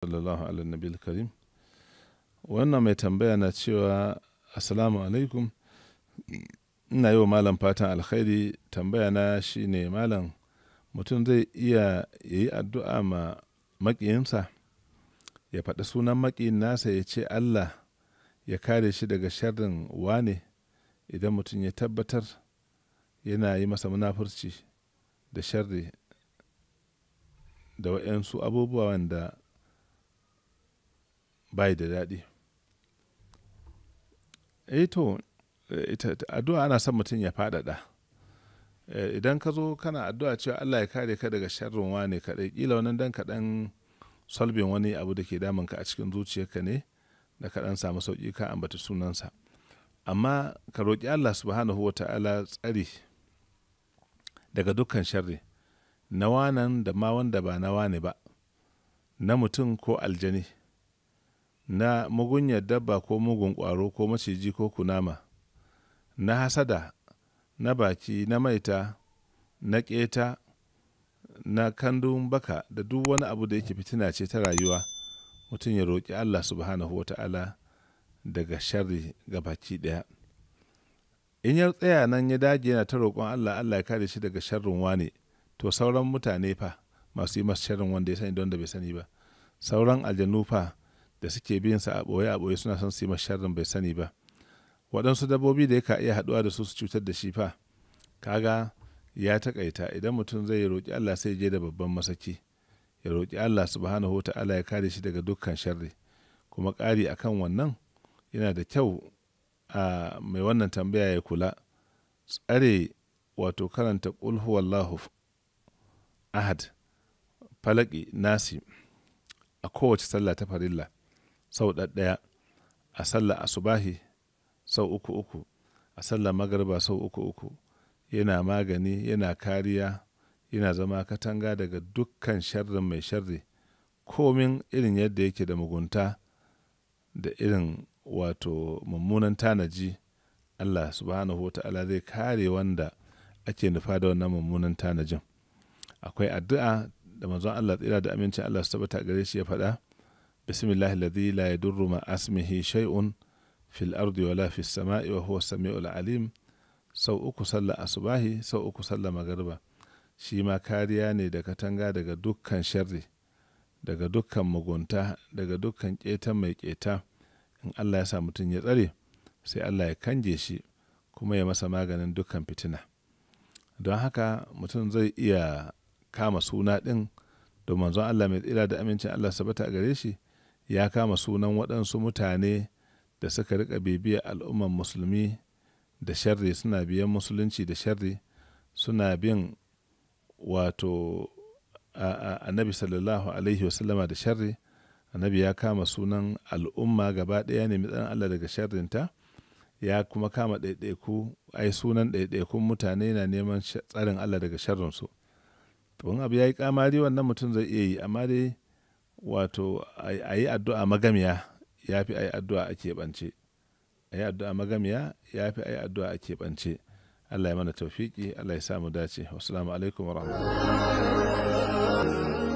sallallahu ala nabi karim wannan mai tambaya na cewa assalamu alaikum ina yi wa malam fatan alkhairi tambaya na shi ne malam mutum zai iya ya yi addu'a ma makiyinsa ya faɗi sunan makiyin nasa ya ce allah ya kare shi daga sharrin wane idan mutum ya tabbatar yana yi masa munafurci da sharri da wa'yansu abubuwa wanda bai da daɗi eh to eh, addu'a ana son mutum ya faɗaɗa eh, idan ka zo kana addu'a cewa Allah ya kare ka daga sharrin wane kaɗai ƙila wani dan kaɗan solbin wani abu da ke ka a cikin zuciyarka ne da kaɗan samu sauƙi ka ambata sunansa amma ka roƙi Allah subhanahu wa ta'ala tsari daga dukkan sharri na wanan da ma wanda ba na wane ba na mutum ko aljani na mugunyar dabba ko mugun ƙwaro ko maciji ko kunama na hasada na baki na maita na ƙeta na kandun baka da duk wani abu da yake fitina ce ta rayuwa mutum ya roƙi allah subhanahu wa ta'ala daga sharri ga baki ɗaya in ya tsaya nan ya dage yana ta roƙon allah allah ya kare shi daga sharrin wane to sauran mutane fa masu yi masu sharrin wanda ya sani don da bai sani ba sauran aljanu fa da suke bin sa a ɓoye a ɓoye suna son su yi sharrin bai sani ba waɗansu dabbobi da yaka iya haɗuwa da su su cutar da shi fa kaga ya takaita idan mutum zai roƙi Allah sai je da babban masaki ya roƙi Allah subhanahu wa ta'ala ya kare shi daga dukkan sharri kuma ƙari kan wannan yana da kyau a mai wannan tambaya ya kula tsare wato karanta ƙul huwallahu ahad falaki nasi a kowace sallah ta farilla sau ɗaɗɗaya a sallar asubahi sau uku uku a sallah magarba sau uku uku yana magani yana kariya yana zama katanga daga dukkan sharrin mai sharri komin irin yadda yake da mugunta da irin wato mummunan tanaji allah subhanahu wa ta'ala zai kare wanda ake nufa da wannan mummunan tanajin akwai addu'a da manzon allah tsira da amincin allah su tabbata gare shi ya faɗa bismillahi alladhi la yadurru asmihi shaiun fil ardi wala fis sama'i samiul alim sau uku sallah asubahi sau uku sallah magariba shi ma kariya ne da katanga daga dukkan sharri daga dukkan mugunta daga dukkan keta mai keta in Allah ya sa mutum ya tsare sai Allah ya kanje shi kuma ya masa maganin dukkan fitina don haka mutum zai iya kama suna ɗin domin zan Allah mai tsira da amincin Allah sabata a gare shi ya kama sunan waɗansu mutane da suka rika bibiya al'umman musulmi da sharri suna biyan musulunci da sharri suna bin wato annabi sallallahu alaihi wasallama da sharri annabi ya kama sunan al'umma gaba ɗaya ne mitsan Allah daga sharrinta ya kuma kama ɗaiɗaiku ai sunan ɗaiɗaikun mutane na neman tsarin Allah daga sharrinsu to in abu ya yi kamari wannan mutum zai iya yi amma dai wato a yi addu'a magamiya ya fi a yi addu'a a keɓance a yi addu'a magamiya ya fi a yi addu'a a keɓance allah ya mana taufiki allah ya samu dace wasu alaikum wa rahmatullahi